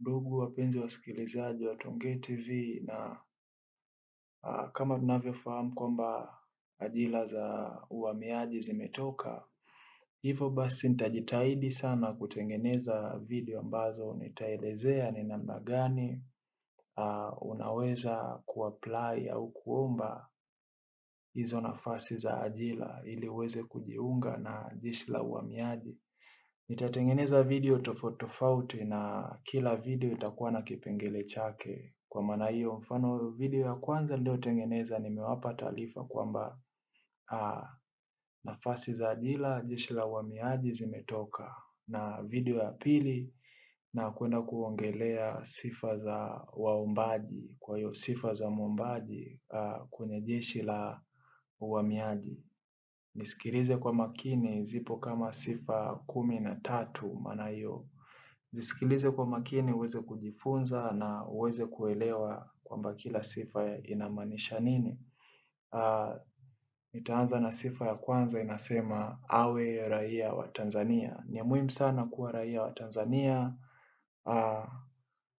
ndugu wapenzi wasikilizaji wa Tuongee TV na ah, kama tunavyofahamu kwamba ajira za uhamiaji zimetoka, hivyo basi nitajitahidi sana kutengeneza video ambazo nitaelezea ni namna gani ah, unaweza kuapply au kuomba hizo nafasi za ajira ili uweze kujiunga na Jeshi la Uhamiaji Nitatengeneza video tofauti tofauti na kila video itakuwa na kipengele chake. Kwa maana hiyo mfano video ya kwanza niliyotengeneza nimewapa taarifa kwamba nafasi za ajira jeshi la uhamiaji zimetoka na video ya pili na kwenda kuongelea sifa za waombaji kwa hiyo sifa za mwombaji kwenye jeshi la uhamiaji. Nisikilize kwa makini zipo kama sifa kumi na tatu maana hiyo. Zisikilize kwa makini uweze kujifunza na uweze kuelewa kwamba kila sifa inamaanisha nini. Uh, nitaanza na sifa ya kwanza inasema awe raia wa Tanzania. Ni muhimu sana kuwa raia wa Tanzania. Uh,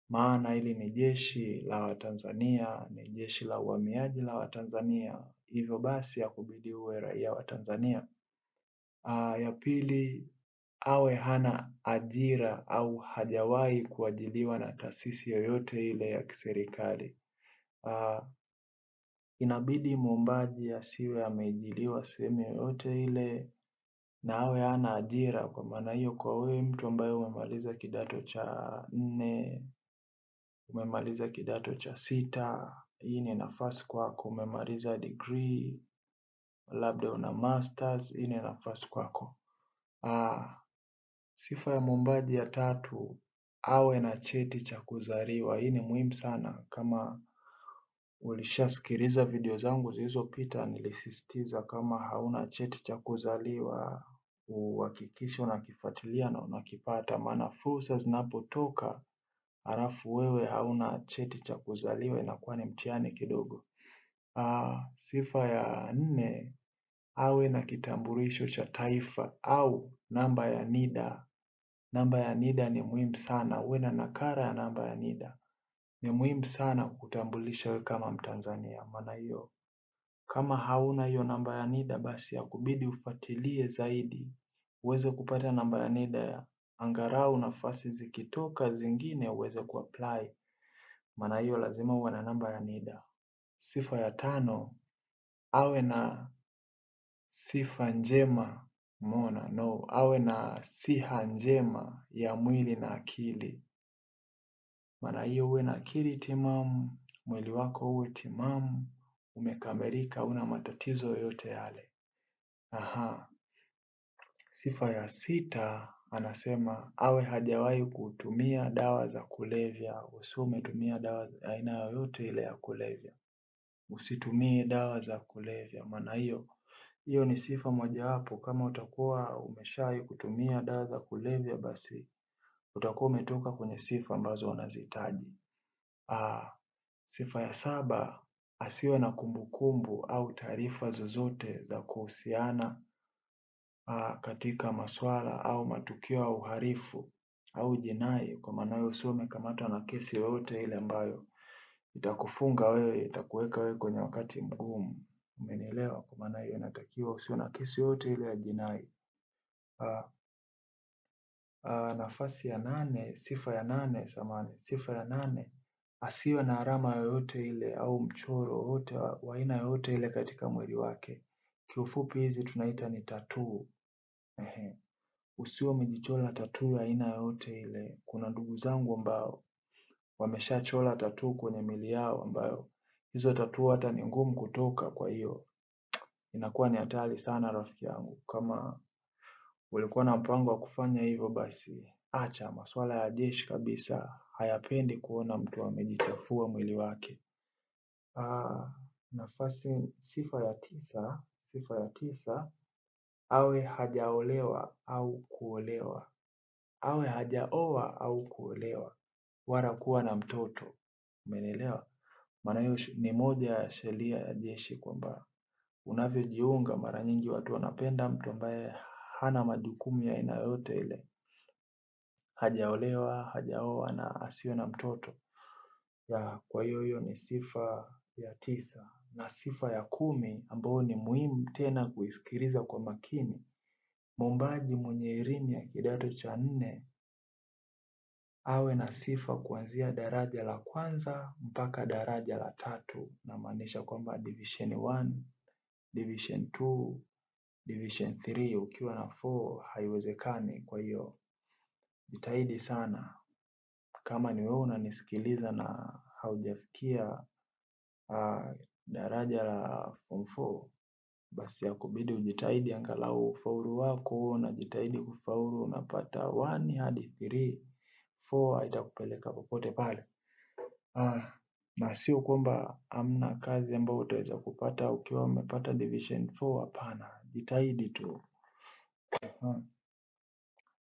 maana hili ni jeshi la Watanzania, ni jeshi la uhamiaji la Watanzania, hivyo basi akubidi uwe raia wa Tanzania. Aa, ah, ya pili awe hana ajira au hajawahi kuajiliwa na taasisi yoyote ile ya kiserikali. Ah, inabidi mwombaji asiwe ameajiliwa sehemu yoyote ile na awe hana ajira. Kwa maana hiyo, kwa wewe mtu ambaye umemaliza kidato cha nne umemaliza kidato cha sita, hii ni nafasi kwako. Umemaliza degree, labda una masters, hii ni nafasi kwako. Aa, ah, sifa ya mwombaji ya tatu, awe na cheti cha kuzaliwa. Hii ni muhimu sana. Kama ulishasikiliza video zangu zilizopita, nilisisitiza kama hauna cheti cha kuzaliwa uhakikishe unakifuatilia na unakipata, maana fursa zinapotoka halafu wewe hauna cheti cha kuzaliwa inakuwa ni mtihani kidogo. Ah, sifa ya nne awe na kitambulisho cha taifa au namba ya NIDA. Namba ya NIDA ni muhimu sana, uwe na nakala ya namba ya NIDA. Ni muhimu sana kutambulisha wewe kama Mtanzania maana hiyo kama hauna hiyo namba ya NIDA basi yakubidi ufuatilie zaidi uweze kupata namba ya NIDA ya angalau nafasi zikitoka zingine uweze kuapply. Maana hiyo lazima uwe na namba ya NIDA. Sifa ya tano, awe na sifa njema Mona, no, awe na siha njema ya mwili na akili. Maana hiyo uwe na akili timamu, mwili wako uwe timamu, umekamilika, una matatizo yoyote yale. Aha. Sifa ya sita, anasema awe hajawahi kutumia dawa za kulevya. Usiwe umetumia dawa aina yoyote ile ya kulevya, usitumie dawa za kulevya maana hiyo hiyo ni sifa mojawapo. Kama utakuwa umeshawahi kutumia dawa za kulevya, basi utakuwa umetoka kwenye sifa ambazo wanazihitaji. Ah, sifa ya saba asiwe na kumbukumbu au taarifa zozote za kuhusiana Ah, katika maswala au matukio ya uhalifu au jinai kwa maana hiyo sio umekamatwa na kesi yoyote ile ambayo itakufunga wewe, itakuweka wewe kwenye wakati mgumu. Umenielewa? Kwa maana hiyo inatakiwa usiwe na kesi yoyote ile ya jinai. Ah, ah, nafasi ya nane, sifa ya nane, samani, sifa ya nane, asiwe na alama yoyote ile au mchoro wowote wa aina yoyote ile katika mwili wake. Kiufupi hizi tunaita ni tatuu. Ehe. Usiwe umejichora tattoo ya aina yoyote ile. Kuna ndugu zangu ambao wameshachora tattoo kwenye mili yao ambayo hizo tattoo hata ni ngumu kutoka kwa hiyo inakuwa ni hatari sana rafiki yangu. Kama ulikuwa na mpango wa kufanya hivyo basi acha maswala ya jeshi kabisa hayapendi kuona mtu amejichafua mwili wake. Nafasi sifa ya tisa, sifa ya tisa awe hajaolewa au kuolewa awe hajaoa au kuolewa wala kuwa na mtoto. Umeelewa? Maana hiyo ni moja ya sheria ya jeshi kwamba unavyojiunga, mara nyingi watu wanapenda mtu ambaye hana majukumu ya aina yoyote ile, hajaolewa, hajaoa na asiwe na mtoto. Kwa hiyo hiyo ni sifa ya tisa na sifa ya kumi ambayo ni muhimu tena kuisikiliza kwa makini. Mwombaji mwenye elimu ya kidato cha nne awe na sifa kuanzia daraja la kwanza mpaka daraja la tatu namaanisha kwamba division 1, division 2, division 3. ukiwa na 4 haiwezekani. Kwa hiyo jitahidi sana, kama ni wewe unanisikiliza na haujafikia uh, daraja la form four basi yakubidi ujitahidi angalau ufaulu wako, unajitahidi kufaulu, unapata one hadi three, four haitakupeleka popote pale. Ah, na sio kwamba amna kazi ambayo utaweza kupata ukiwa umepata division four. Hapana, jitahidi tu. Ah,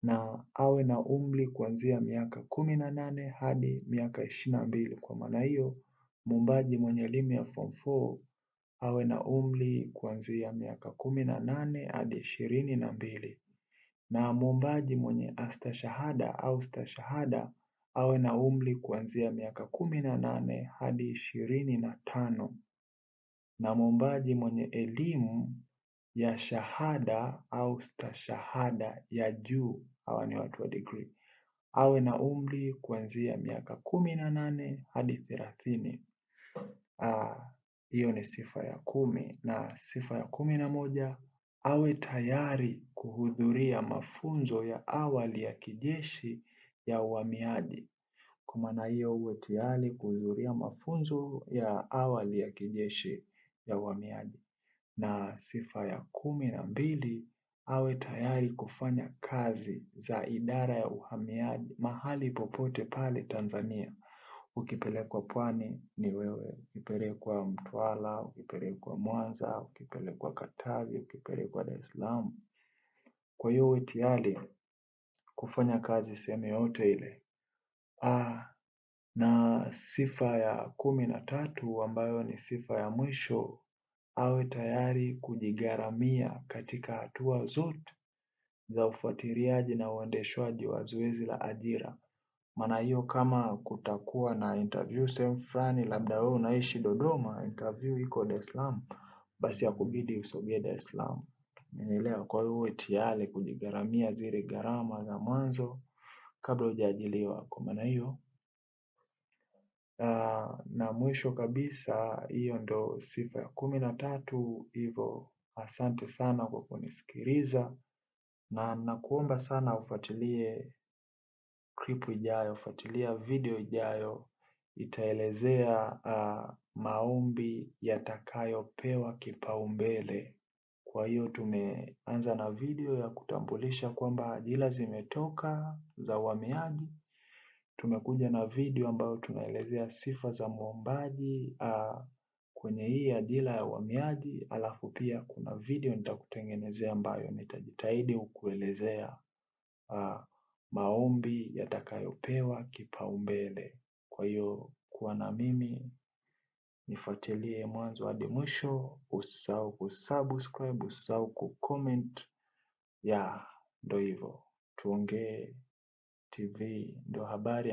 na awe na umri kuanzia miaka kumi na nane hadi miaka ishirini na mbili. Kwa maana hiyo muumbaji mwenye elimu ya form four awe na umri kuanzia miaka kumi na nane hadi ishirini na mbili na muumbaji mwenye astashahada au stashahada awe na umri kuanzia miaka kumi na nane hadi ishirini na tano na muumbaji mwenye elimu ya shahada au stashahada ya juu hawa ni watu wa degree awe na umri kuanzia miaka kumi na nane hadi thelathini hiyo ni sifa ya kumi na sifa ya kumi na moja awe tayari kuhudhuria mafunzo ya awali ya kijeshi ya uhamiaji. Kwa maana hiyo uwe tayari kuhudhuria mafunzo ya awali ya kijeshi ya uhamiaji. Na sifa ya kumi na mbili awe tayari kufanya kazi za idara ya uhamiaji mahali popote pale Tanzania ukipelekwa pwani ni wewe, ukipelekwa Mtwara, ukipelekwa Mwanza, ukipelekwa Katavi, ukipelekwa Dar es Salaam. Kwa hiyo uwe tayari kufanya kazi sehemu yoyote ile. Aa, na sifa ya kumi na tatu ambayo ni sifa ya mwisho, awe tayari kujigharamia katika hatua zote za ufuatiliaji na uendeshwaji wa zoezi la ajira maana hiyo kama kutakuwa na interview sehemu fulani labda wewe unaishi Dodoma interview iko Dar es Salaam basi yakubidi usogee Dar es Salaam umenielewa kwa hiyo uwe tayari kujigharamia zile gharama za mwanzo kabla hujaajiriwa kwa maana hiyo na, ah, na mwisho kabisa hiyo ndo sifa ya kumi na tatu. Hivyo asante sana kwa kunisikiliza na nakuomba sana ufuatilie klipu ijayo, fuatilia video ijayo itaelezea maombi yatakayopewa kipaumbele. Kwa hiyo tumeanza na video ya kutambulisha kwamba ajira zimetoka za uhamiaji. Tumekuja na video ambayo tunaelezea sifa za muombaji kwenye hii ajira ya uhamiaji, alafu pia kuna video nitakutengenezea ambayo nitajitahidi kukuelezea maombi yatakayopewa kipaumbele. Kwa hiyo kuwa na mimi nifuatilie mwanzo hadi mwisho, usisahau kusubscribe, usisahau kucomment. Ya, ndo hivo. Tuongee TV ndo habari.